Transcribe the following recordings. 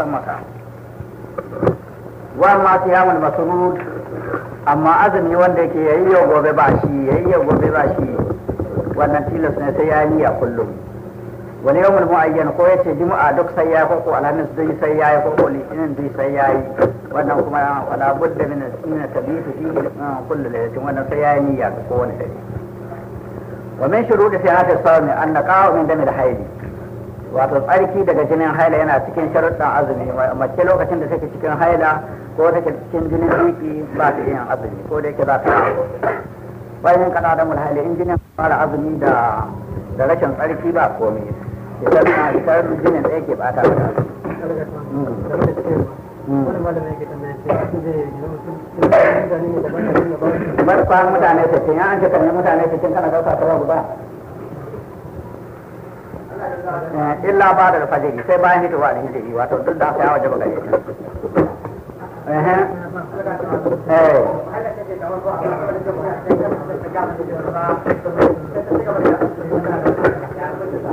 ƙasar maka wa ma siyamul masrud amma azumi wanda yake yayi yau gobe ba shi yayi yau gobe ba shi wannan tilas ne sai ya yi a kullum wani yawmul mu'ayyan ko ya ce juma'a duk sai ya ko ko alhamis zai sai ya yi ko ko litinin zai sai ya yi wannan kuma wala budda min sunna tabitu fi ah, kullu laylatin wannan sai ya yi niyya ko wani dare wa min shurudi sihhati sawmi an naqa'u min da haidi wato tsarki daga jinin haila yana cikin sharuɗan azumi mace lokacin da take cikin haila ko take cikin jinin duki ba ta yin azumi ko da yake za ta bayan kana da mulhali in jinin fara azumi da da rashin tsarki ba komai idan na itar jinin da yake bata da Bar kwan mutane ta ce, ya an ce mutane ta ce kana gauka ta ba. illa ba da fajiri sai bayan hitowa da hijiri wato duk da haka ya waje gare shi eh.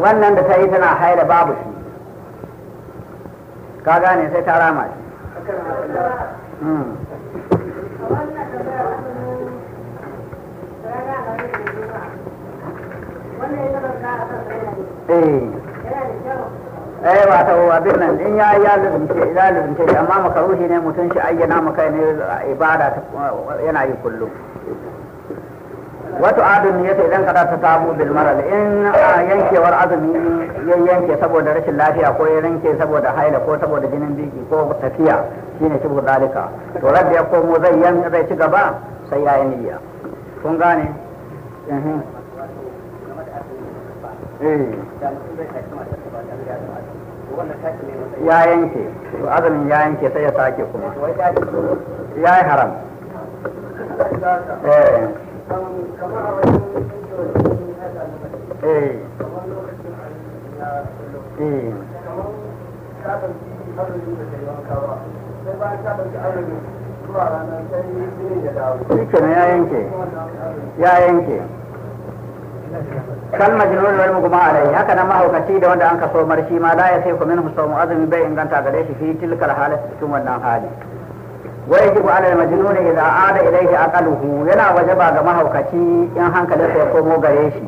wannan da ta yi tana haira babu shi ka gane sai ta rama shi hmm. eh, eh wato abin nan in ya ya lulumce ya lulumce amma makaruhi ne mutum shi ayyana maka ne ibada yana yi kullum wato azumi yace idan kada ta samu bil maral in ah, yankewar azumi ya yanke saboda rashin lafiya ko ya yanke saboda haila ko saboda jinin biki ko tafiya shine shi zalika to rabbi ya komo zai zai ci gaba sai ya yi niyya kun gane ya yanke to azumin ya yanke sai ya sake kuma ya yi haram eh. Eh. Eh. shi kenan ya yanke ya yanke kan majnun wal mugma alai haka na mahaukaci da wanda an kaso mar ma la ya sai ku min husamu azumi bai inganta gare shi fi tilkal halat cikin wannan hali wa yajibu ala a majnun ilai aada ilayhi aqaluhu yana ba ga mahaukaci in sa ya komo gare shi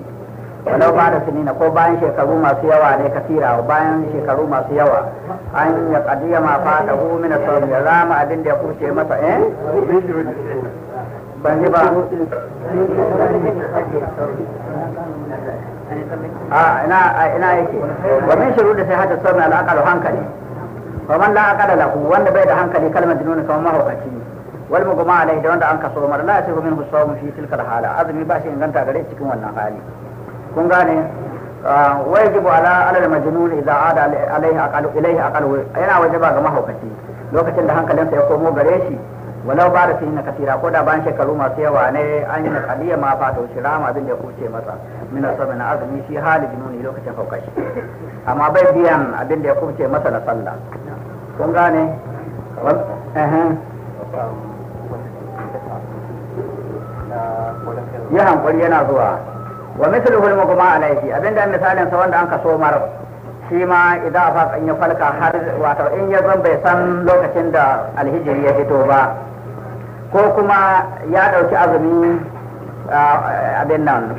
walau ba da sinina ko bayan shekaru masu yawa ne kasira bayan shekaru masu yawa an ya kadiya ma fa da hu min asawmi rama abin da ya kuce masa eh ban ji ba a ina yake wa min da sai hankali man lahu wanda bai da hankali kalmar dinuna kamar mahaukaci wal mugma alai da wanda an kaso mar la sai min husawm fi tilka al hala azumi ba shi inganta gare cikin wannan hali kun gane wajib ala majnun idza ada alaihi aqal ilaihi aqal yana wajaba ga mahaukaci lokacin da hankalinsa ya komo gare shi walau ba da fi na kasira ko da bayan shekaru masu yawa ne an yi nakaliya ma fata shi rama abin da ya kuce masa min asabi na azumi shi hali jinuni lokacin haukashi amma bai biyan abin da ya kuce masa na sallah kun gane ya hankali yana zuwa wa misali misluhu al-mughma alayhi abinda misalin sa wanda an kaso mara shi ma idan a fasa in ya falka har wato in ya zan bai san lokacin da alhijiri ya fito ba ko kuma ya ɗauki azumi abin nan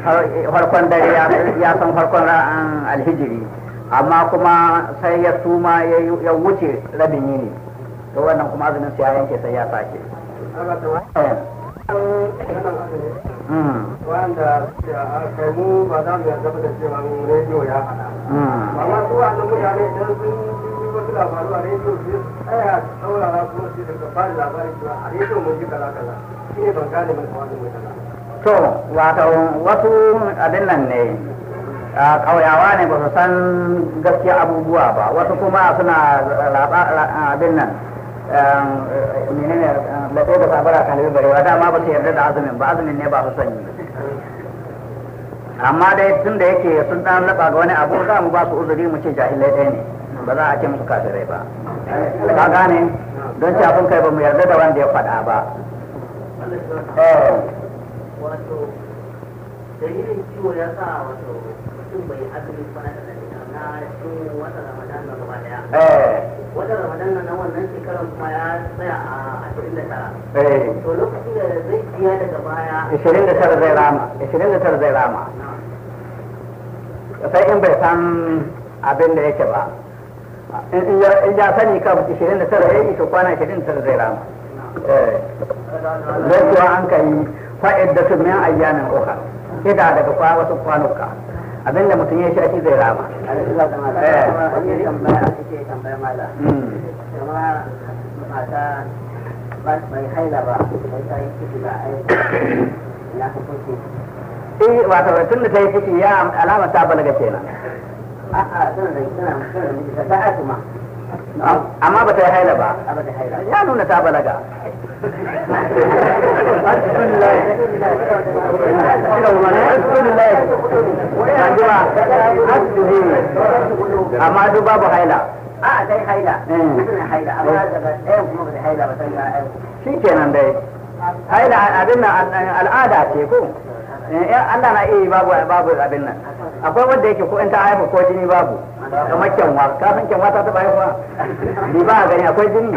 farkon dare ya san farkon ra'an alhijiri amma kuma sai ya tuma ya wuce rabin yini to wannan kuma azumin sai ya yanke sai ya sake eh. wanda kai mu ba za mu yarda da cewa rediyo ya hana hmm. amma su wannan mutane idan sun wasu labaru a rediyo su tsaya saurara kuma su daga labarin su a rediyo mun ji kala kala shi ne ban gane mai kawai mai kala to wato wasu abin nan ne a ƙauyawa ne ba su san gaskiya abubuwa ba wasu kuma suna abin nan um, menene um, da tsoga sabara kalibi barewa dama ba su yarda da azumin ba azumin ne ba su sanyi amma dai tun da yake sun dan laba ga wani abu za mu ba su uzuri mu ce jahilai ɗaya ne ba za a ce musu kafirai ba ka gane don abin kai ba mu yarda da wanda ya faɗa ba eh. wato dalilin ciwo ya sa wato mutum bai azumi ba na cikin wata ramadan na gaba daya eh. wata ramadan na wannan shekarar kuma ya tsaya a ashirin da tara eh. to lokacin da zai biya daga baya ashirin da tara zai rama ashirin da tara zai rama sai in bai san abin da yake ba in ya sani kan 29 ya ita kwana 29 zai rama eh. zai kuwa an ka yi fa'id da min ayyamin uka ida daga kwa wasu kwanuka abinda da mutum ya sha zai rama bai ba bai ta yi ciki ba ya hukunci eh wato tun da ta yi ciki ya alama ta balaga kenan a'a amma ba ta haila ba ba ya nuna ta balaga amma duk babu haila a dai haila hmm. shi kenan dai haila abin al'ada ce ko Eh, eh, Allah na iya babu babu abin nan akwai wanda yake ko in ta haifa ko jini babu kamar kyanwa ka san kyanwa ta taba haifa ni ba gani akwai jini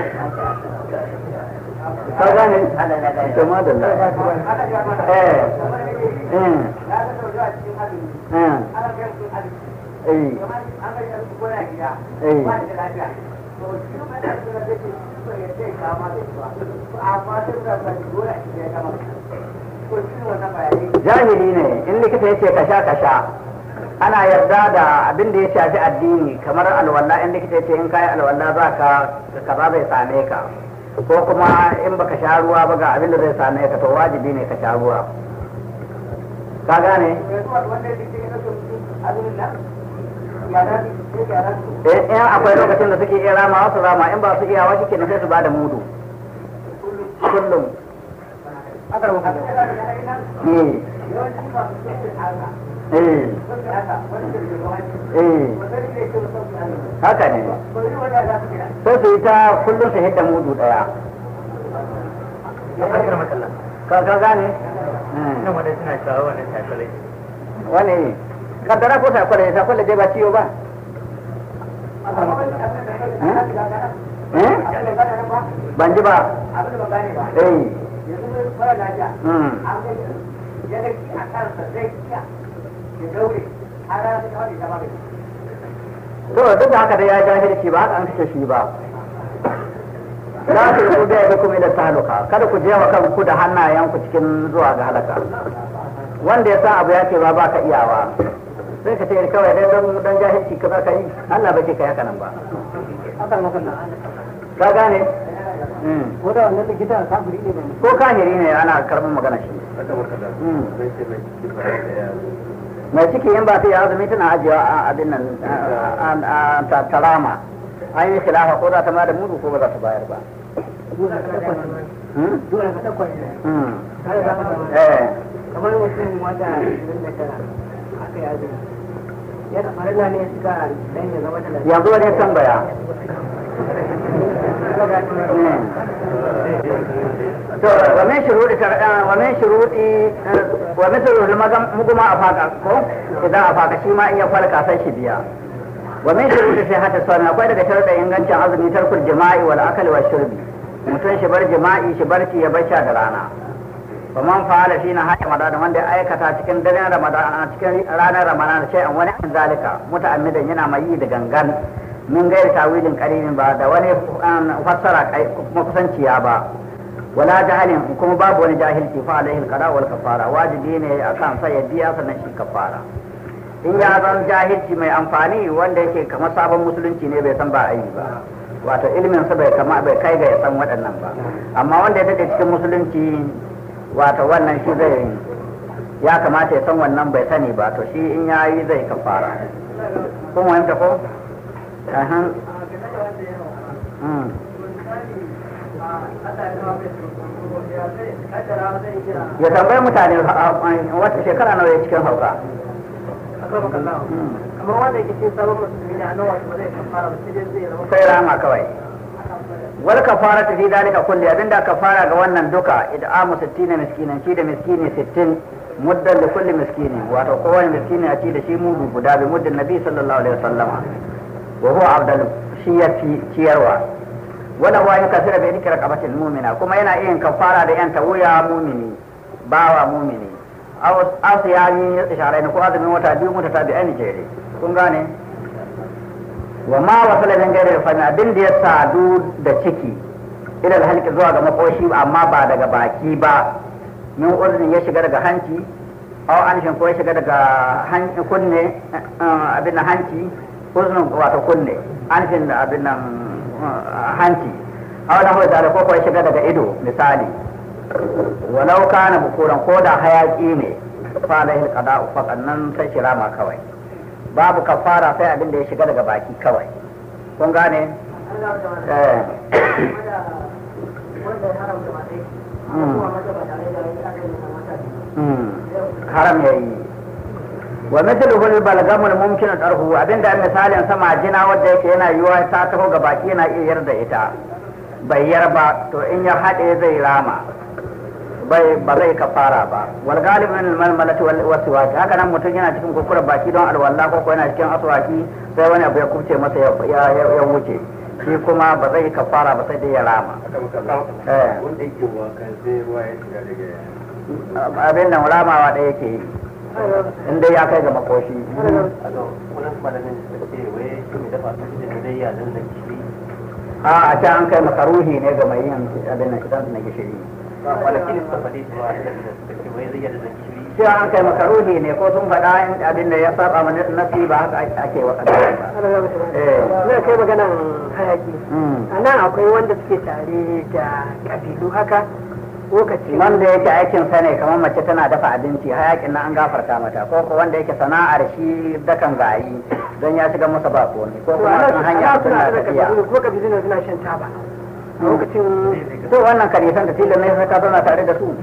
ka gane to madalla eh hmm. Hmm. eh eh eh jahili ne in likita ya ce kasha-kasha, ana yarda da abin da ya shafi addini kamar alwala in likita ya ce in kayi alwala za ka kaza zai same ka ko kuma in baka sha ruwa ba ga abin da zai same ka to wajibi ne ka sha ruwa ka gane eh, in akwai lokacin da suke iya rama wasu rama in ba su iya wasu ke sai su ba da mudu kullum Eh. Eh. Eh. haka ne sai su yi ta kullum su hidda mudu daya ka gane hmm. wani kaddara ko sakwale sakwale dai ba ciwo ba hmm? Hmm? ban ji ba eh mara hmm. da to duk da haka da ya jahilci ba an kashe shi ba la ku biya da kuma da taluka kada ku je wa kanku da hannayenku cikin zuwa ga halaka wanda ya sa abu ya ce ba ba ka iyawa sai ka ce kawai dai don don jahilci ka ba ka yi Allah bai ce ka yaka nan ba ka gane ko da wannan likita ne ba ko kahiri ne ana karɓar magana shi mai ciki in ba ta yi azumi tana ajiyewa a abin nan a tarama an yi khilafa ko za ta ma da mudu ko ba za ta bayar ba ya ne yanzu wani tambaya ومن شروط ومن شروط ومثل المجمع أفاق إذا أفاق شيما a يفعل كاسا شبيا ومن شروط صحة الصلاة أقول لك شرط كان ترك الجماع والشرب mutum shi bar jima'i shi barci ya bar da rana ba man shi na nahar ramadan wanda ya aikata cikin daren ramadan cikin ranar ramadan sai an wani an zalika muta'ammidan yana mai yi da gangan mun gaira tawilin karibin ba da wani fassara kuma kusanciya ba wala jahalin kuma babu wani jahilci fa alaihi alqada wal kafara wajibi ne akan sa ya biya sannan shi kafara in ya zan jahilci mai amfani wanda yake kamar sabon musulunci ne bai san ba ayi ba wato ilimin sa bai kama bai kai ga ya san waɗannan ba amma wanda ya dade cikin musulunci wato wannan shi zai ya kamata ya san wannan bai sani ba to shi in yayi zai kafara kuma wanda ko Ajá. Ah. Ya tambayi mutane wata shekara nawa ya cikin hauka. Kamar wanda yake cikin sabon musulmi ne a nawa shi zai kafara ba sai zai zama. Sai rama kawai. wal kafara ta fi dalika kulli abinda fara ga wannan duka id'amu 60 miskinan ci da miskini sittin, muddan da kulli miskini wato kowane miskini a ci da shi mudu guda bi muddin nabi sallallahu alaihi wasallama wa huwa shi ya fi ciyarwa wala huwa in kasira bi dhikri qabatil mu'mina kuma yana iya kafara da yan tawuya mu'mini bawa mu'mini aw asiyani isharai ko azumin wata biyu mutatabi'ain jere kun gane wa ma wasala dan gairi fa abin da ya sadu da ciki ila halki zuwa ga makoshi amma ba daga baki ba min urzin ya shiga daga hanci aw anshin ko ya shiga daga kunne eh, eh, abin hanci uznun wato kunne anfin abin nan hanci a wani hau da ko shiga daga ido misali walau kana bukuran ko da hayaki ne fa yin kada uku nan sai shirama kawai babu kafara sai abin da ya shiga daga baki kawai kun gane eh. hmm. Hmm. haram haram yi. wa mithluhu al-balgamu al-mumkin tarhu abinda misalin sama jina wanda yake yana yiwa ta taho ga baki yana iya yarda ita bai yar ba to in ya haɗe zai rama bai ba zai kafara ba wal galibun al-malmalati wal waswaki haka nan mutum yana cikin kukurar baki don alwala ko yana cikin aswaki sai wani abu ya kubce masa ya wuce shi kuma ba zai kafara ba sai dai ya rama abin nan ramawa ɗaya ke yi in dai ya kai ga makoshi a a ta an kai makaruhi ne ga mai yin abin na kitan na gishiri sai an kai makaruhi ne ko sun faɗa abin da ya saba mana nafi ba haka ake wa ƙasa ba. Na eh. kai maganan hayaki. Hmm. A nan akwai wanda suke tare da ƙabilu haka wanda yake aikin sa ne kamar mace tana dafa abinci hayakin na an gafarta mata ko ko wanda yake sana'ar shi dakan gayi don ya shiga masa bako ne ko kuma kan hanya suna tafiya ko ka bizina suna shan taba hmm? lokacin ko wannan karifan da tilan ne sai ka zauna tare da su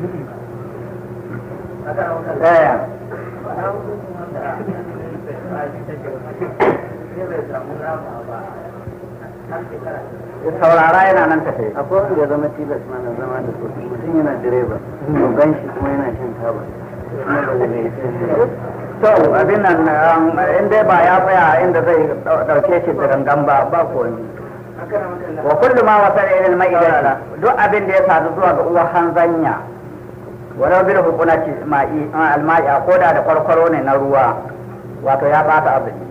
eh har saurara yana nan tafe zama tilas zama da direba kuma yana to abin nan um, in dai ba ya tsaya inda zai dauke shi da gangan ba ba komi wa kullu ma wasala ila al duk abin da ya sadu zuwa ga uwar hanzanya walau bil hukunati ma'i al-ma'i koda da kwarkwaro ne na ruwa wato ya bata azumi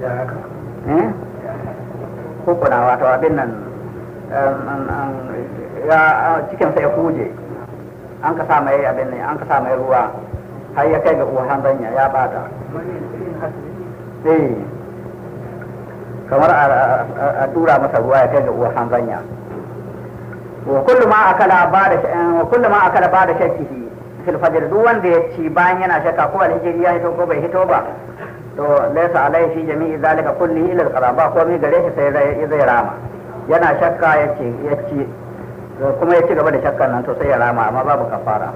ya haka eh kukuna wato abin nan ya cikin sai huje an ka sa mai abin nan an ka sa mai ruwa har ya kai ga uwan zanya ya bata eh. kamar a tura masa ruwa ya kai ga uwan zanya wa kullu ma akala bada da wa kullu ma akala ba da fil fajr duk wanda ya ci bayan yana shakka ko alhijri ya hito ko bai hito ba to laysa alai shi jami'i zalika kulli ila alqada ba komai gare shi sai zai zai rama yana shakka yace yace kuma ya ci gaba da shakkan nan to sai ya rama amma babu kafara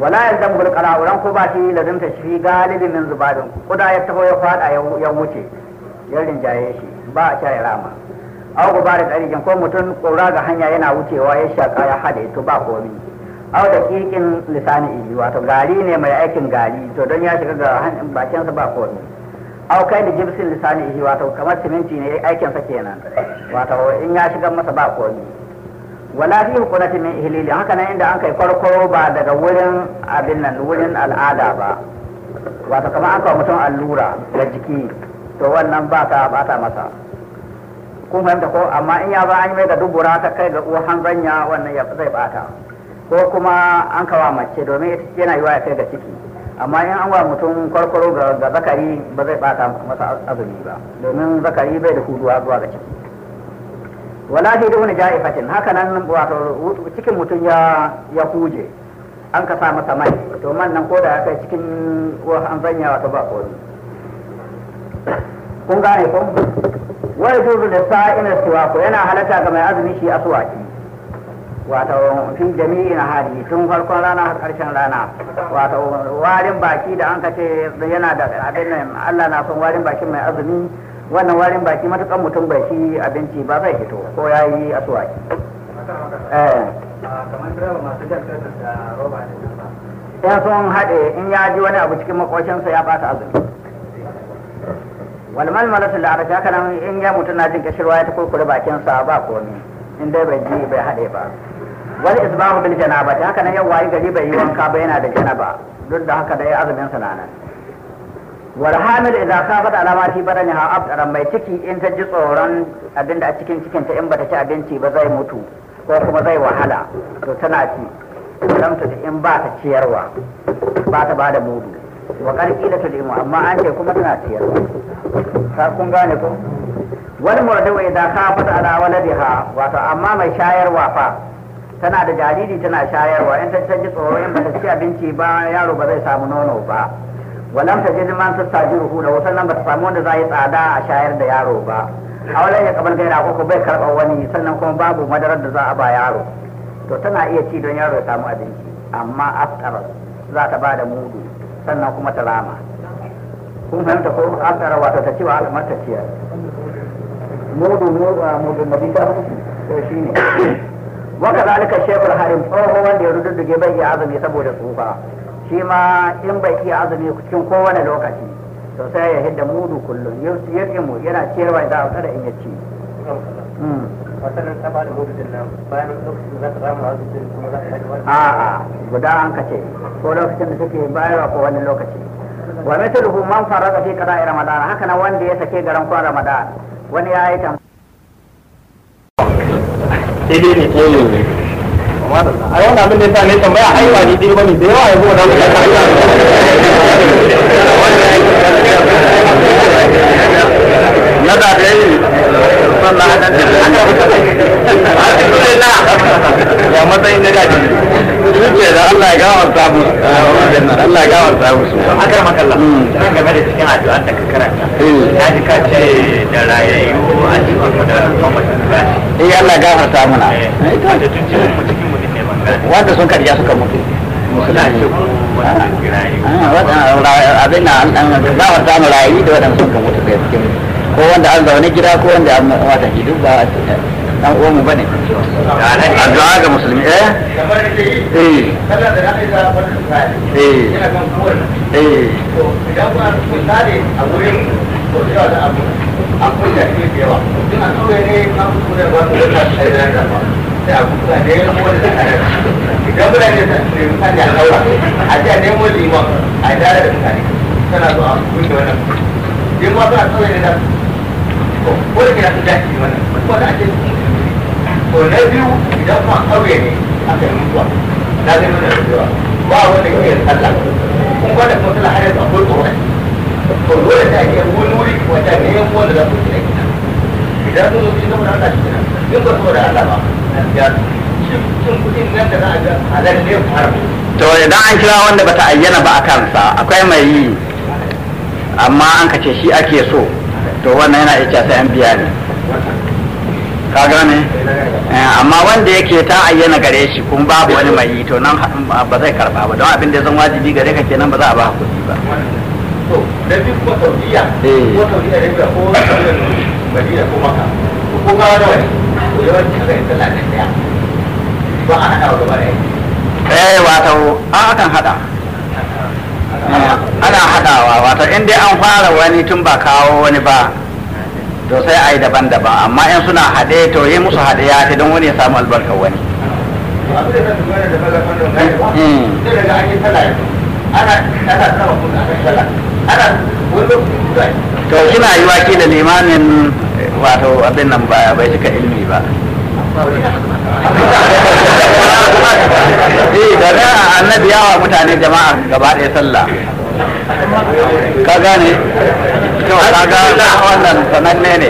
wala yalzamu alqada ran ko ba shi lazimta shi galibin min zubadin kuda ya taho ya fada ya wuce ya rinjaye shi ba a ya rama aw gubari tsarikin ko mutum kura ga hanya yana wucewa ya shaka ya hade to ba komai au da kikin lisani ili wato gari ne mai aikin gari to don ya shiga ga bakinsa ba komai au kai da jibsin lisani ili wato kamar siminti ne aikin sa kenan wato in ya shiga masa ba komai wala fi hukunati min ihlili haka nan inda an kai farko ba daga wurin abin nan wurin al'ada ba wato kamar an kawo mutum allura da jiki to wannan ba ka bata masa kun fahimta ko amma in ya ba an yi mai da dubura ta kai ga uwa hanzanya wannan ya zai bata ko kuma an kawa mace domin yana yiwa ya kai ga ciki amma in an wa mutum kwarkwaro ga zakari ba zai bata masa azumi ba domin zakari bai da huduwa zuwa ga ciki wala fi duna ja'ifatin haka nan wato cikin mutum ya ya huje an ka sa masa mai to man nan ko da ya kai cikin an zanya wato ba kori kun gane ko wai juzu da suwa ko yana halatta ga mai azumi shi aswaki wato fi jami'in hari tun farkon rana har karshen rana wato warin baki da an kace yana da abin nan Allah na son warin bakin mai azumi wannan warin baki matukan mutum bai ci abinci ba zai fito ko ya yi asuwaki eh. ya son haɗe in ya ji wani abu cikin makoshinsa ya bata azumi walmal malatul arash haka nan in ya mutu na jin kashirwa ya ta kurkure bakinsa ba komi in dai bai ji bai haɗe ba wani isbahu bil janaba ta haka nan yau wayi gari bai yi wanka ba yana da janaba duk da haka dai azumin sa nan wal hamil idan ka fada alama fi badani ha abdara mai ciki in ta ji tsoron abinda a cikin cikin ta in bata ci abinci ba zai mutu ko kuma zai wahala to tana ci dan ta in ba ta ciyarwa ba ta bada mudu wa qarqila ta limu amma an ce kuma tana ciyarwa ka kun gane ko wal murdu idan ka fada ala waladiha wato amma mai shayarwa fa tana da jariri tana shayarwa in ta ji tsoro in bata ci abinci ba yaro ba zai samu nono ba walam ta jin man tastajiruhu da wasan nan bata samu wanda yi tsada a shayar da yaro ba a wala ya kamar gaira ko bai karɓar wani sannan kuma babu madarar da za a ba yaro to tana iya ci don yaro ya samu abinci amma aftar za ta ba da mudu sannan kuma ta rama kun fahimta ko aftar wato ta ci wa al'amar ta ciyar mudu mudu mudu ta shi ne waka zalika shekul harin tsoho wanda ya rududduge bai iya azumi saboda tsufa shi ma in bai iya azumi cikin kowane lokaci to sai ya hidda mudu kullum ya mu yana cewa da a kada in ya ci hmm. a'a guda an kace ko lokacin da suke bayarwa ko wani lokaci wa mithluhu man farada fi qada'i ramadan haka nan wanda ya sake garan kwan ramadan wani ya yi sai dai ne tsaye ne a yau abin da ya sa tambaya aiwa ne ɗaya bane da yawa ya zo da wani na da da yi ya matsayin gaji suke da Allah ya gawar Allah ya gawar su akar makalla hmm. game da cikin addu'an da ka karanta na ji a Allah gafarta mana wanda sun karya suka mutu ah, gafarta mu da waɗanda sun mutu da cikin ko wanda an zaune gida ko wanda an wata hidu ba dan uwan mu bane addu'a ga musulmi eh eh kada eh eh eh an kunya shi da yawa in an tura ne an kunya ba su da tashi da yana ba sai a kunya ne yan wani da kare idan muna ne ta ce mutane a daura a ce a nemo liman a dara da mutane tana zuwa kunya wannan in ma a tura ne da ko da su dashi wannan ko da ake to na biyu idan kuma kauye ne aka yi mutuwa na zai nuna da cewa ba wanda kawai da sallah kun kuma sallah har yanzu akwai tsoron dole ta wani wuri wata ne yan wanda za su gina gina idan sun Allah shi gina ba saboda Allah ba ya cin nan da za a ga ne har to idan an kira wanda bata ayyana ba a kansa akwai mai yi amma an kace shi ake so to wannan yana iya sai an biya ne ka gane eh, amma wanda yake ta ayyana gare shi kun babu wani mai yi to nan ba zai karba ba don abin da zan wajibi gare ka kenan ba za a ba hakuri ba na biyu kuma saudiya ko saudi arabia ko madina ko maka ko kuma nawa ne ko yawanci aka yi sallah da daya ba a hada wa gaba eh wato a akan hada ana hadawa wato in dai an fara wani tun ba kawo wani ba to sai a yi daban-daban amma in suna haɗe to yi musu haɗe ya ce don wani ya samu albarkar wani ana ana to suna yi waki da limamin wato abin nan ba bai cika ilmi ba eh da a annabi yawa mutane jama'a gaba ɗaya sallah ka gane ka ga wannan sananne ne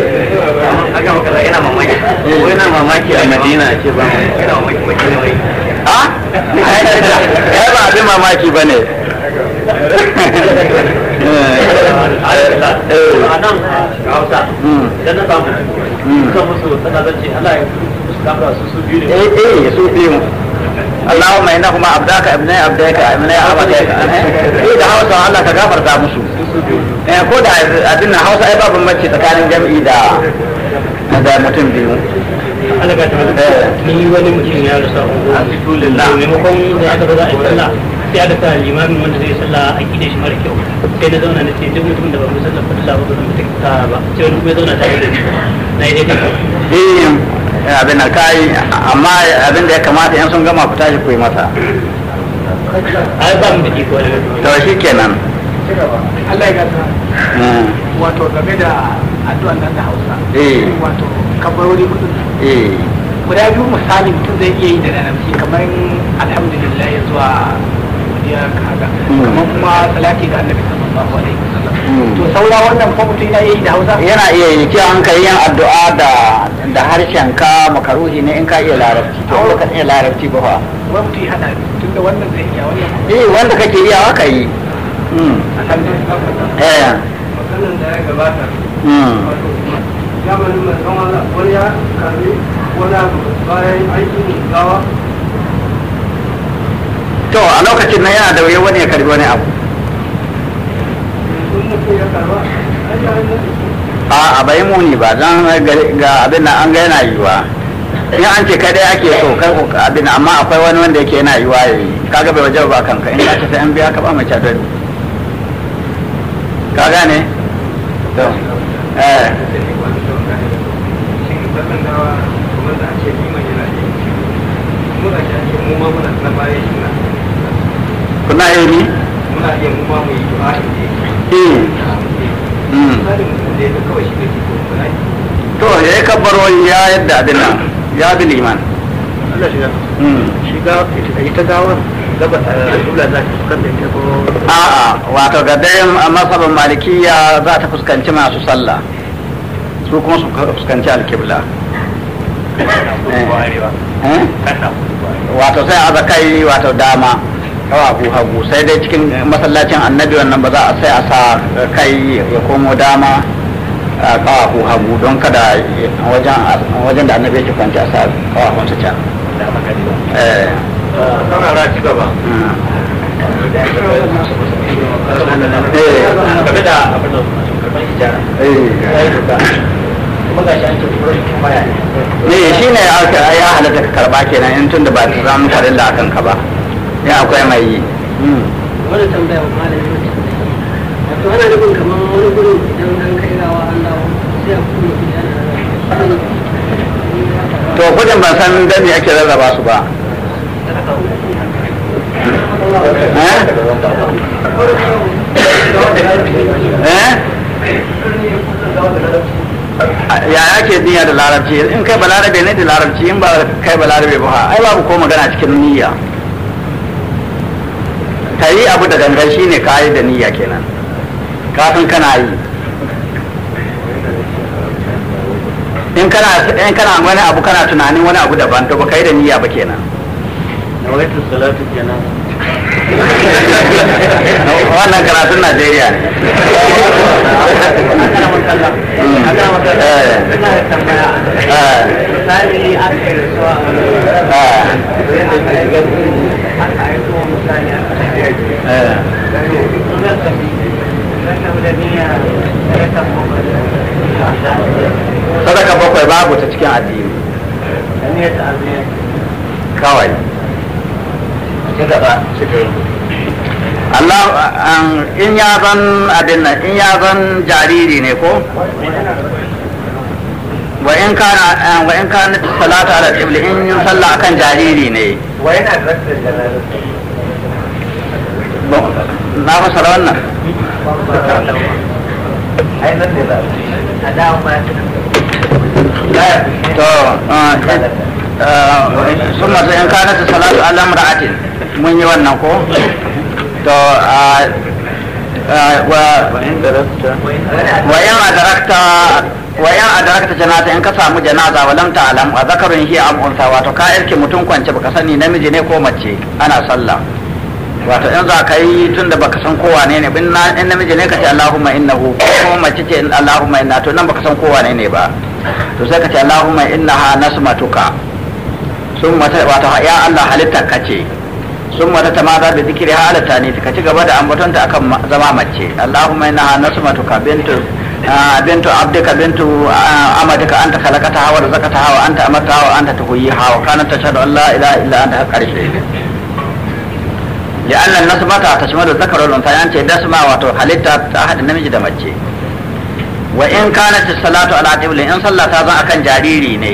ina mamaki ko eh. mamaki a madina ce ba ina mamaki ah? ba abin a nan hausa idan na samu suka musu su su biyu eh eh su biyu da hausa Allah ka gafarta musu eh ko da abin nan hausa ai babu mace tsakanin jam'i da da mutum biyu Allah ka tabbata ni wani mutum ya rasa a cikin lillah maimakon da aka ba za sai aka sa limamin wanda zai salla a kide shi mara kyau sai na zauna na ce duk mutum da ba mu sallar fadila ba zan mutum ta ba sai wani kuma zauna tare da ni na yi dai eh, abin da kai amma abin da ya kamata yan sun gama ku tashi ku yi mata ai ba mu da iko to shi kenan Allah ya gata hmm. wato game da addu'an nan da Hausa eh. wato kabarori mutum eh guda biyu misali mutum zai iya yi da larabci kamar alhamdulillah ya zuwa ya kaga hmm. kamar kuma salati annabi sallallahu alaihi hmm. to saura wannan mutum yana yi da Hausa yana iya yi ki an kai yin addu'a da da harshen ka makaruhi ne in ka iya larabci to ba ka iya larabci ba fa mutum ya hada tunda wannan zai iya wannan eh wanda kake iya hmm. eh da ya gabata wani ya wani bayan aikin gawa to a lokacin na yana da wuya wani ya karbi wani abu a a bai muni ba don ga abin na an ga yana yiwa in an ce kai ake so kai abin amma akwai wani wanda yake yana yiwa ya yi kaga bai wajen ba kanka in ka sai an biya ka ba mai cadari ka gane to eh mu ce mu ma muna na baya shi na kuna yi ni muna iya kuma ma mu yi du'a'i eh hmm. to ya kabbaro ya yadda abin ya bi liman Allah shi hmm. shiga ita gawar gaba za ta fuskanta ita ko a'a wato ga dayan masaban malikiya za ta fuskanci masu sallah su kuma su fuskanci alkibla eh? wato sai a zakai wato dama kawafu hagu sai dai cikin masallacin annabi wannan ba za a sai a sa kai ya komo dama kawafu hagu don kada wajen da annabi yake kwanci a sa kawafunsa can eh. ne eh. eh, shi ne ya halatta ka karba kenan in tun da ba ta samu farin da akan ka ba ne akwai mai yi hmm. wani tambaya ba da ne da ana nufin kamar wani gurin idan an kai gawa an dawo sai a kuma to kudin ban san da me ake rarraba su ba eh? Eh? ya yake niyya da larabci in kai balarabe ne da larabci in ba kai balarabe ba ai babu ko magana cikin niyya ta yi abu da gangan shi ne kayi da niyya kenan kafin kana yi in kana in kana wani abu kana tunanin wani abu daban to kai da niyya ba kenan wannan karatun Najeriya ne sadaka bakwai babu ta cikin addini kawai Allah um, in ya zan abin nan in ya zan jariri ne ko wa in kana um, wa in kana salatu ala ibli in salla akan jariri ne wa yana na fasara wannan to ah, eh, eh, sun masu in kana ta salatu alam ra'atin mun yi wannan ko to ah, ah, wayan adarakta wayan adarakta janaza in ka samu janaza wa lam ta'lam wa zakarun hiya am unsa wato ka irke mutum kwance baka sani namiji ne ko mace ana sallah wato in za ka yi tun da baka san kowa ne ne in namiji ne ka ce Allahumma innahu ko mace ce Allahumma inna to nan baka san kowa ne ne ba to sai ka ce Allahumma innaha nasmatuka sun mata wato ya Allah halitta ka ce sun mata ta mata da zikiri ha halitta ne ka ci gaba da ambatonta akan zama mace Allahumma innaha nasmatuka bintu ah, bintu abdika bintu ah, amadika anta hawa wa zakata hawa anta amata hawa anta tuhyiha hawa kanat ta an la ila illa anta har karshe li'annan nasbata tashmalu dhakara wal unsa an ce dasma wato halitta ta hada namiji da mace wa in kanat salatu ala tibli in sallah ta zan akan jariri ne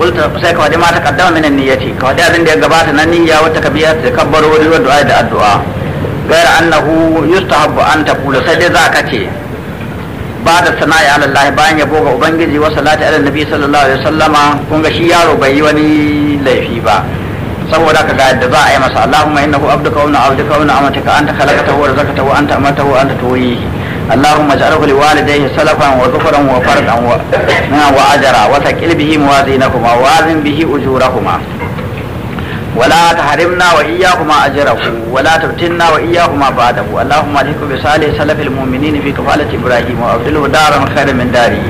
kulta sai ka wadi mata kaddama min niyyati ka wadi abin da ya gabata nan niyya wata kabiyar ta kabbaro wani du'a da addu'a an أنه يستحب أن تقول سيدي ce. ba da sana'i ala Allah bayan ya boga ubangiji wa salati ala nabi sallallahu alaihi wasallama kun ga shi yaro bai yi wani laifi ba saboda ka ga yadda za a yi masa Allahumma innahu abduka wa abduka wa amatika anta khalaqta wa razaqta wa anta amata wa anta allahumma li walidayhi salafan wa wa fardan wa na wa وكفرا wa taqil bihi به wa azim bihi اجوركما ولا تحرمنا واياكما اجره ولا تفتنا واياكما بعده اللهم عليك بصالح سلف المؤمنين في كفاله ابراهيم وابدله دارا خيرا من داره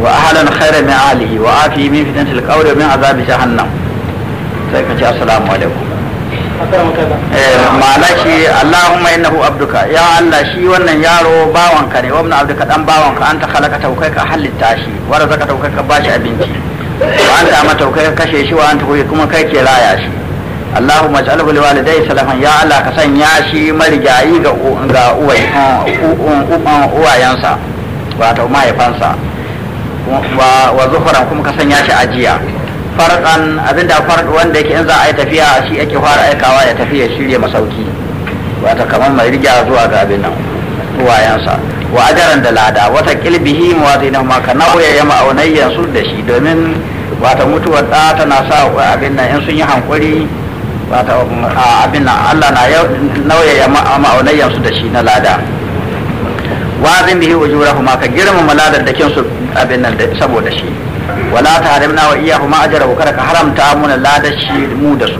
واهلا خيرا من اهله وعافيه من فتنه القول ومن عذاب جهنم sai ka ce assalamu alaikum eh, ma'ana shi Allahumma innahu abduka ya Allah shi wannan yaro bawanka ne wannan abduka dan bawanka an ta halaka taukai ka halitta shi wa razaka taukai ka bashi abinci wa an dama ama taukai ka kashe shi wa an ta kuma kai ke raya shi Allahumma ij'alhu li walidayhi salafan ya Allah ka sanya shi marigayi ga ga uwai uwayansa wato mahaifansa wa zuhuran kuma ka sanya shi ajiya farkan abinda fark wanda yake in za a yi tafiya shi ake fara aikawa ya tafi ya shirya masauki wata kamar mai rigya zuwa ga abin nan wayansa wa ajaran da lada wata kilbihi mawazai na maka na ya yi ma'aunayyan su da shi domin wata mutuwar da tana sa abin nan in sun yi hankuri wata abin nan Allah na ya ma'aunayyan su da shi na lada wazin bihi kuma ka girmama maladar da kinsu abin nan saboda shi wala ta harimna wa iyahuma ajrahu kada ka haramta muna ladashi mu da su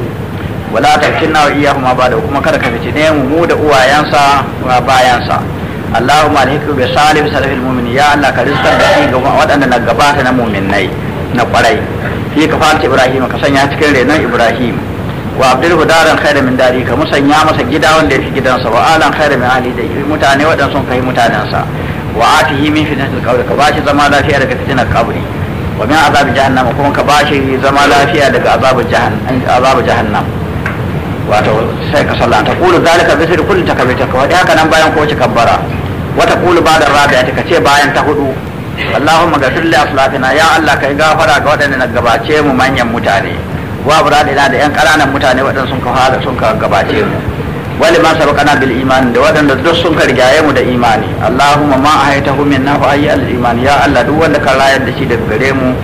wala ta kinna wa ba da kuma kada ka fitine mu da uwayensa wa bayansa Allahumma alhiqu bi salih salafil mu'minin ya Allah ka rizqan da shi waɗanda na gabata na muminai na kwarai fi ka fara Ibrahim ka sanya cikin renon Ibrahim wa abdul hudaran khairu min dari ka musanya masa gida wanda yake gidansa wa alan khairu min ali da mutane waɗanda sun kai mutanensa wa atihi min fitnatil qabr ka bashi zama lafiya daga fitinar kabri wa min azab jahannam kuma ka bashi zama lafiya daga azab jahannam azab jahannam wato sai ka sallanta qulu zalika bi sirri kulli takbirta ka wadi haka nan bayan ko ci kabbara wa taqulu ba'da rabi'ati ka ce bayan ta hudu Allahumma ghafir li aslafina ya Allah kai gafara ga waɗanda na gabace mu manyan mutane wa buradina da yan ƙananan mutane waɗanda sun ka fara sun ka gabace mu wali ma kana bil imani da wadanda duk sun karjaye mu da imani Allahumma ma a ahaytahu minna fa ayi al imani ya Allah duk wanda ka rayar da shi daga gare mu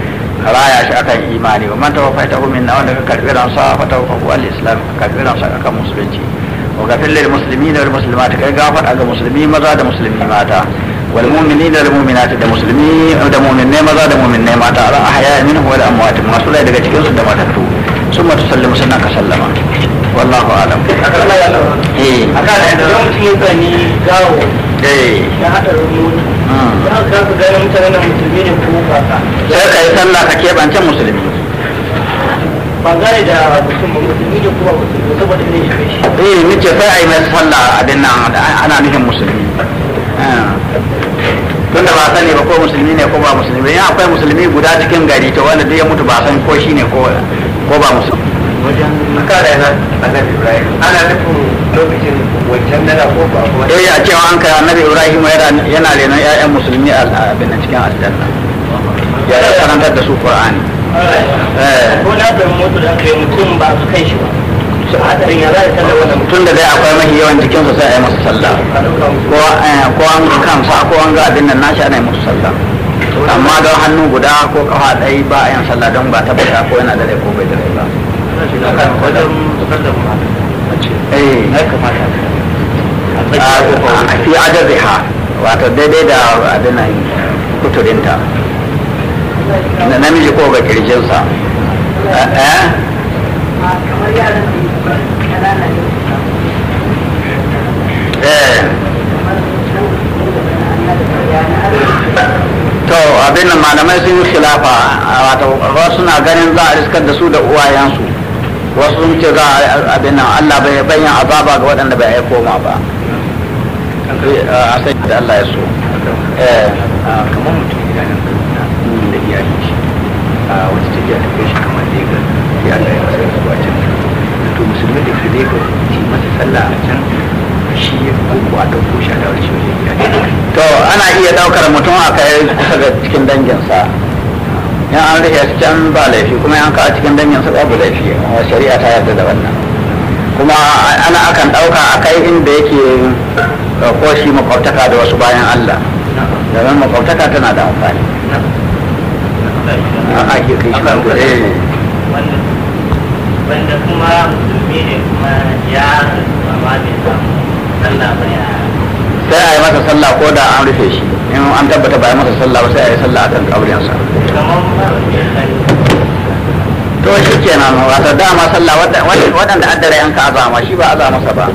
ka raya shi akan imani wa man min na wanda ka karbi ransa fa tawaffahu al islam ka karbi ransa akan musulunci wa musulmi lil da wal muslimat kai gafar ga musulmi maza da musulmi mata wal mu'minin wal mu'minat da musulmi da mu'minai maza da mu'minai mata al ahya minhu wal amwat masu daga cikin su da matattu summa tusallimu sannan ka sallama wallahu alam eh aka da gawo eh ya hada ka musulmi ne ko ba ka sallah ka musulmi gane da musulmi kuma musulmi saboda ne shi eh sai sallah ana nufin musulmi ah. tun da ba sani ba ko musulmi ne ko ba musulmi ya akwai musulmi guda cikin gari to wanda duk ya mutu ba san ko shi ne ko ba musulmi wajen makara na annabi ibrahim ana nufin lokacin wancan nada ko ba kuma eh a cewa an kai annabi ibrahim yana renon ya'yan musulmi a bin cikin aljanna ya karantar da su qur'ani eh ko na da mutu da kai mutum ba su kai shi ba ya za tun da dai akwai mahi yawan su sai a yi masa sallah ko eh, ko an kansa ko an ga abin nan nashi ana yi masa sallah amma ga hannu guda ko kafa ɗaya ba a yin sallah don ba tabbata ko yana da ko bai da ba Eh. Ah, ah, fi da adana kuturinta na namiji ko ga eh, eh? malamai sun yi khilafa wato suna ganin za a riskar da su da uwayensu wasu sun ce za a abin nan Allah bai bayan azaba ga waɗanda bai aiko ma ba eh, a sai da Allah ya so eh. kamar mutum ya nan da iyali shi a wata tafiya ta kai shi kamar Lagos ya Allah ya masa zuwa can to musulmi da Lagos shi masa sallah a can shi ya ko a ɗauko shi a dawar shi to ana iya ɗaukar mutum a kai kusa ga cikin danginsa in an rike can ba laifi kuma an ka a cikin dangin su babu laifi shari'a ta yarda da wannan kuma ana akan ɗauka a kai inda yake eh, koshi makwabtaka da wasu bayan Allah domin makwabtaka tana da amfani wanda kuma musulmi ne kuma ya amma bai samu Allah ba ya sai a yi masa sallah ko da an rufe shi in an tabbata ba masa sallah ba sai a yi sallah akan kabrinsa to shi nan wata dama sallah waɗanda adara an ka azama shi ba azama sa ba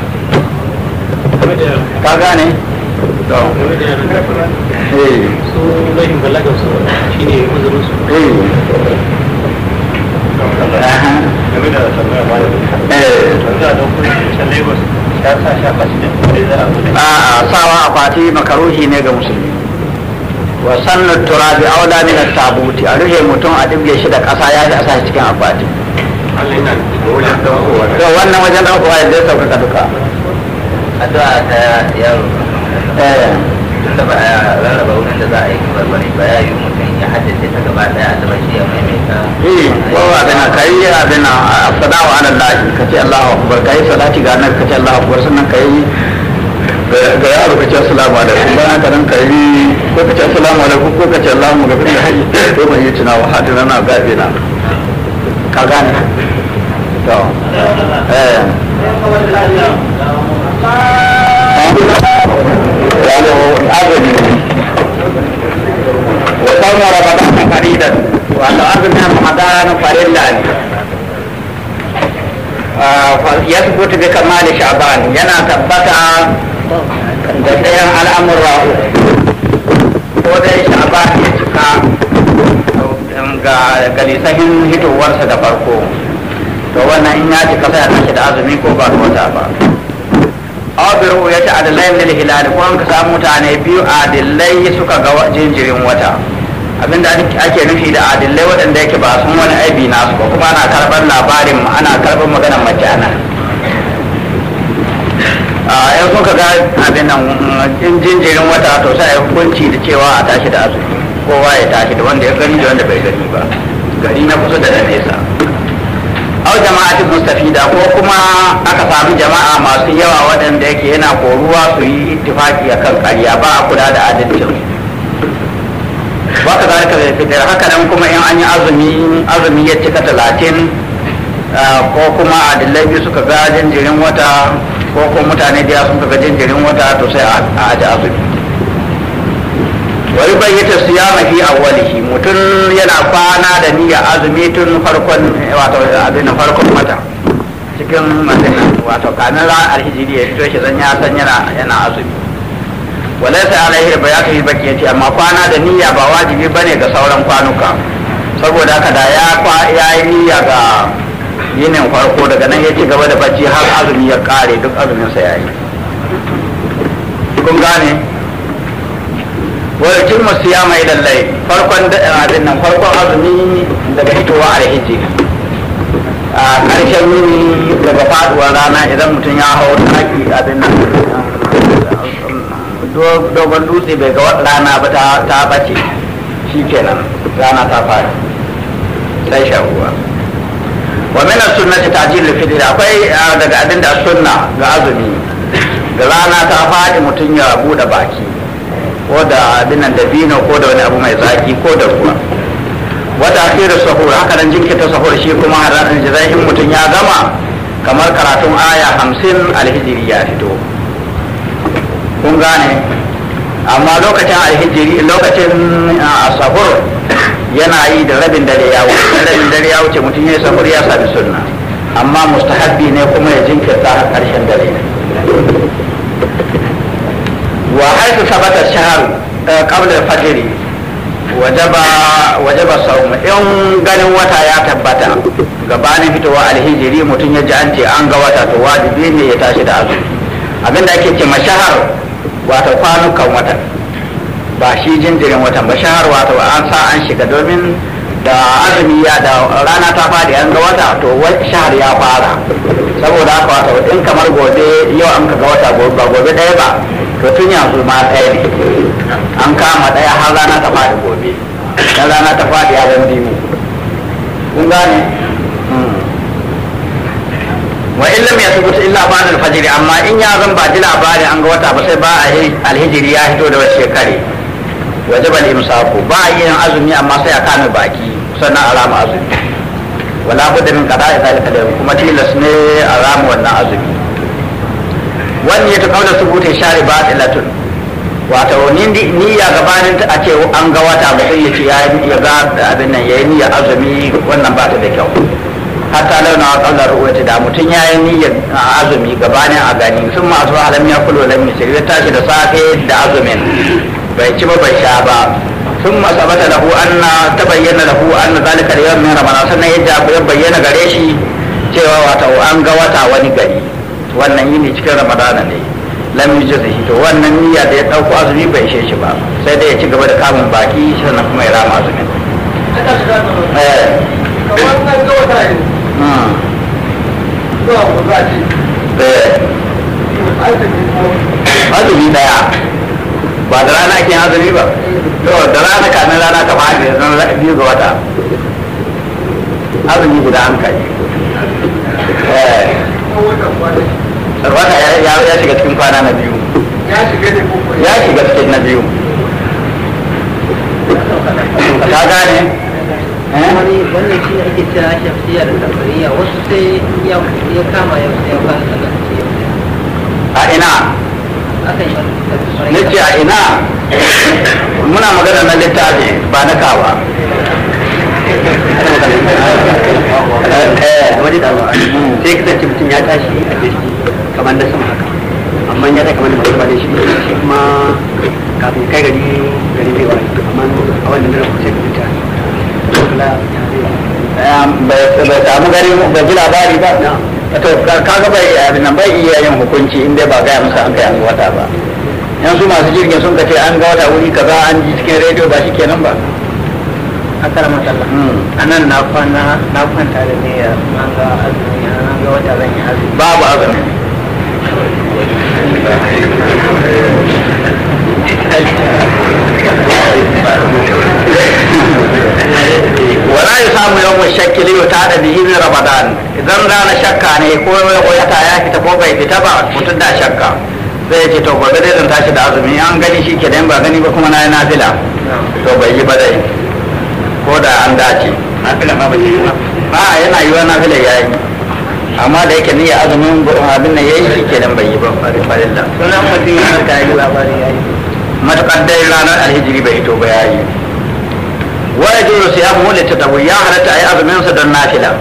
ka gane to eh. su rashin balaga su shi ne a'a sawa akwati makaruhi ne ga musulmi wa sannan turabi auda min tabuti a rufe mutum a dubge shi da ƙasa ya shi a sashi cikin akwati to wannan wajen da kuwa sauka ka duka addu'a ta yaro eh ba a rarraba wurin da za a yi ba ya yi haddace ta gaba daya da bashi ya maimaita eh abin lahi ka ce Allahu akbar ka yi salati ga ka ce Allahu akbar sannan ka yi ga yaro ka ce assalamu alaikum ka yi ko ka ce assalamu alaikum ko ka ce Allahu ga ko ban yi tunawa na gabe na ka gane to eh Agadi صوم رمضان فريدا وأن أصبح رمضان فريدا يثبت بكمال شعبان ينا تبتع تسير الأمر ko dai sha'ban ya cika um, ga lisahin hitowarsa da farko to wannan in ya cika sai a da azumi ko ba wata ba adalai lil hilal ko an ka mutane biyu adalai suka ga jinjirin wata Abin da ake nufi da adillai waɗanda yake ba sun wani aibi nasu ba kuma ana karɓar labarin ana karɓar maganar mace ana sun ka ga abin nan jinjirin wata to sai ya hukunci da cewa a tashi da azumi kowa ya tashi da wanda ya gani da wanda bai gani ba gari na kusa da nesa au ta mustafida ko kuma aka sami jama'a masu yawa waɗanda yake yana koruwa su yi ittifaki akan ƙarya ba a kula da adalcin wa ka zalika zai fitar haka nan kuma in an yi azumi azumi ya cika talatin ah, ko kuma adillai biyu suka ga jinjirin wata ko kuma mutane biya sun ga jinjirin wata to sai a aji azumi wani bayyata su ya mafi awwalihi mutum yana kwana da niyya azumi tun farkon wato abin farkon wata cikin madina wato kanin ran alhijiri ya fito shi zan ya san yana azumi wala ta alaihi ba ya kai baki yace amma kwana da niyya ba wajibi bane ga sauran kwanuka saboda haka da ya ya yi niyya ga yinin farko daga nan ya ci gaba da bacci har azumi ya kare duk azumin sa yayi kun gane wala kin musiya ila lallai farkon abin nan farkon azumi daga hitowa alhiji a karshen yini daga faduwar rana idan mutum ya hau taki abin nan dogon dutse bai ga rana ba ta bace shi kenan rana ta fara sai shan ruwa wa min as-sunnati ta'jil fitr akwai daga abin da sunna ga azumi ga rana ta fadi mutum ya bude baki ko da abin nan dabino ko da wani abu mai zaki ko da ruwa Wata ta'khir sahur suhur haka nan jinkirta sahur shi kuma hararin jaza'in mutum ya gama kamar karatun aya 50 alhijri ya fito kun gane amma lokacin alhijiri lokacin sahur yana yi da rabin dare ya wuce rabin dare ya wuce mutum ya sahur ya sami sunna amma mustahabbi ne kuma ya jinkirta har karshen dare wa haifu sabata shahar eh, qabla fajiri waje wajaba saum in ganin wata ya tabbata gabanin fitowa alhijiri mutum ya ji an ce an ga wata to wajibi ne ya tashi da azumi abinda ake ce mashahar wata kwanukan watan ba shi jinjirin watan ba shahar wato an sa an shiga domin da azumi ya da rana ta fadi an ga wata to shahar ya fara saboda haka wata in kamar gobe yau an ka ga wata gobe ba gobe ɗaya ba to tun yanzu ma ɗaya ne an kama ɗaya har rana ta fadi gobe dan rana ta fadi ya zan biyu kun gane wa in lam yasbut illa ba'da al-fajr amma in ya zan ba ji labarin an ga wata ba sai ba a yi alhijiri ya hito da wasu waje ba al-imsaku ba a yin azumi amma sai a kame baki sannan alama azumi wala budda min qada'i zalika da kuma tilas ne alama wannan azumi wannan ya ta su subutin shari ba batilatun wato ni niyya gabanin a ce an ga wata sai ya ce ya ga abin nan ya yi niyya azumi wannan ba ta da kyau hatta launa a tsallar ruwata da mutum ya yi niyyar azumi gabanin a gani sun masu halam ya kulo lam yasir ya tashi da safe da azumin bai ci ba bai sha ba sun masabata lahu anna ta bayyana lahu anna zalika al-yawm min ramadan sannan yadda ya bayyana gare shi cewa wata an ga wata wani gari wannan yini cikin ramadana ne lam zai to wannan niyya da ya dauko azumi bai ishe shi ba sai dai ya ci gaba da kamun baki sannan kuma ya rama azumin Eh. azumi daya ba da rana ke azumi ba da rana kamin rana ta fadi zan biyu ga wata azumi guda an kai eh. wata ya shiga cikin kwana na biyu ya shiga cikin na biyu ka gane Eh? wannan shi ake cewa shafiya da wasu sai ya kama ya a ina a ina muna magana na littafi ba na kawa eh, mutum ya tashi a kamar na sama haka amma ya kamar da mutum ba da shi kuma kafin kai gari gari a wannan na bai samu gari ba ji labari ba to kaga bai abin bai iya yin hukunci in dai ba gaya masa an kai an wata ba yan masu jirgin sun kace an ga wata wuri kaza an ji cikin rediyo ba kenan ba akara matsala a nan na kwana na kwanta da ne an ga azumi an ga wata zan yi azumi babu azumi Thank you. wala ya samu yau mai shakki liyu ta da bihi min ramadan idan rana shakka ne ko ya wata ya fita ko bai fita ba mutum da shakka zai ce to ba zai zan tashi da azumi an gani shi ke ba gani ba kuma na yi nafila to bai yi ba dai ko da an dace nafila ma bai yi ba a yana yiwa nafila ya yi amma da yake niyya azumin abin nan yi shi ke bai yi ba farin da sunan mutum ya ta yi labarin ya yi matukar dai ranar alhijiri bai to ba ya yi waya jiro su ya mu wani ta tabu ya halatta a azumin sa don nafila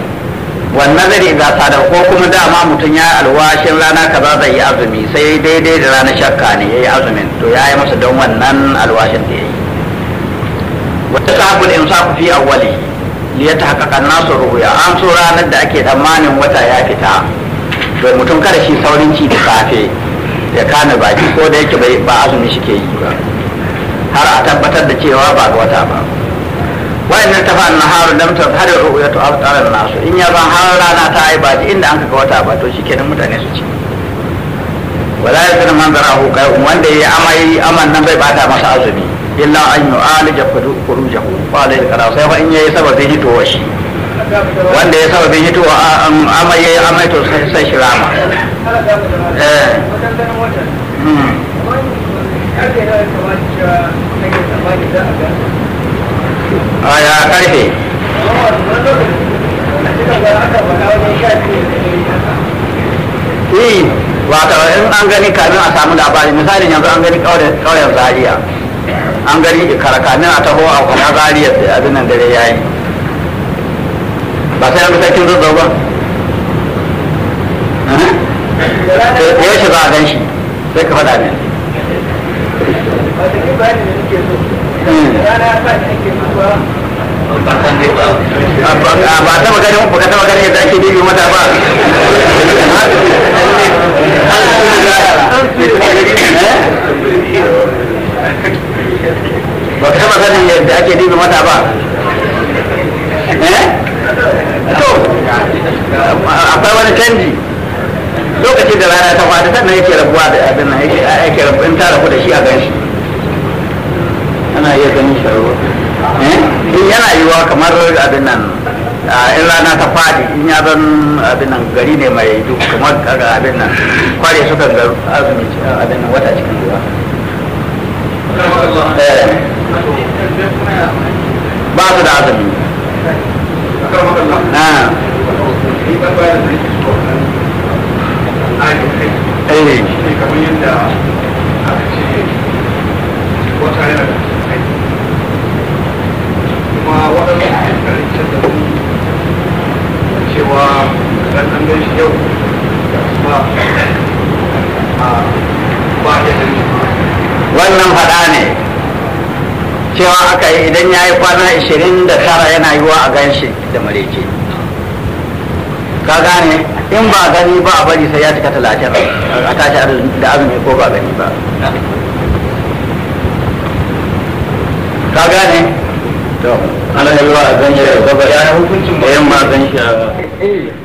wannan zari ga sadar ko kuma dama mutum ya alwashin rana kaza zai yi azumi sai daidai da ranar shakka ne ya yi azumin to ya yi masa don wannan alwashin da ya yi wata sahabul imsaku fi awwali li yatahaqqaqa an-nasu ru'ya an so ranar da ake tsammanin wata ya fita to mutum kada shi saurin ci da safe ya kana baki ko da yake ba azumi shi ke yi ba har a tabbatar da cewa ba wata ba wa'in nan tafa an naharu ya tazhar ru'yatu aftar an-nas in ya ban har rana ta ai ba inda an kaga wata ba to shikenan mutane su ci wala yadda man hu kai wanda yayi amai aman nan bai bata masa azumi illa an yu'alija furujahu qala al-qara sai fa in yayi zai hito shi wanda ya sababin hitowa amai yayi amai to sai sai shi rama eh hmm a ya karfe yi eh, wata in an gani kamin a samu labari misali yanzu an gani kauyen zariya an gani ikara kamin a taho a kuma zariya sai abin nan dare ya yi ba sai an bi sarkin zuzzau ba eh? ya shi za a gan shi sai ka faɗa min eh. ba ah, ah, ta magana ba ka ta magana yadda ake bibi mata ba ba ka taba sanin yadda ake dibi mata ba eh? to akwai wani canji lokacin da rana ta fata sannan yake rabuwa da abin nan yake rabu in ta rabu da shi a ganshi ana iya ganin shi in eh? eh, yana yiwa kamar abin nan in rana ta fadi in ya zan abin nan gari ne mai duk kamar abin nan kware kan garu azumi abin nan wata cikin ruwa eh. ba su da azumi ah. kamar yadda wata yana shi yau ba ya wannan faɗa ne cewa aka yi idan ya yi kwana 29 yana yiwa a gan shi da mareke ka gane in ba gani ba a bari sai ya cika talatin a tashi da azumi ko ba gani ba ka gane to ana yi wa a shi da eh, gaba hukuncin ma gan shi a area.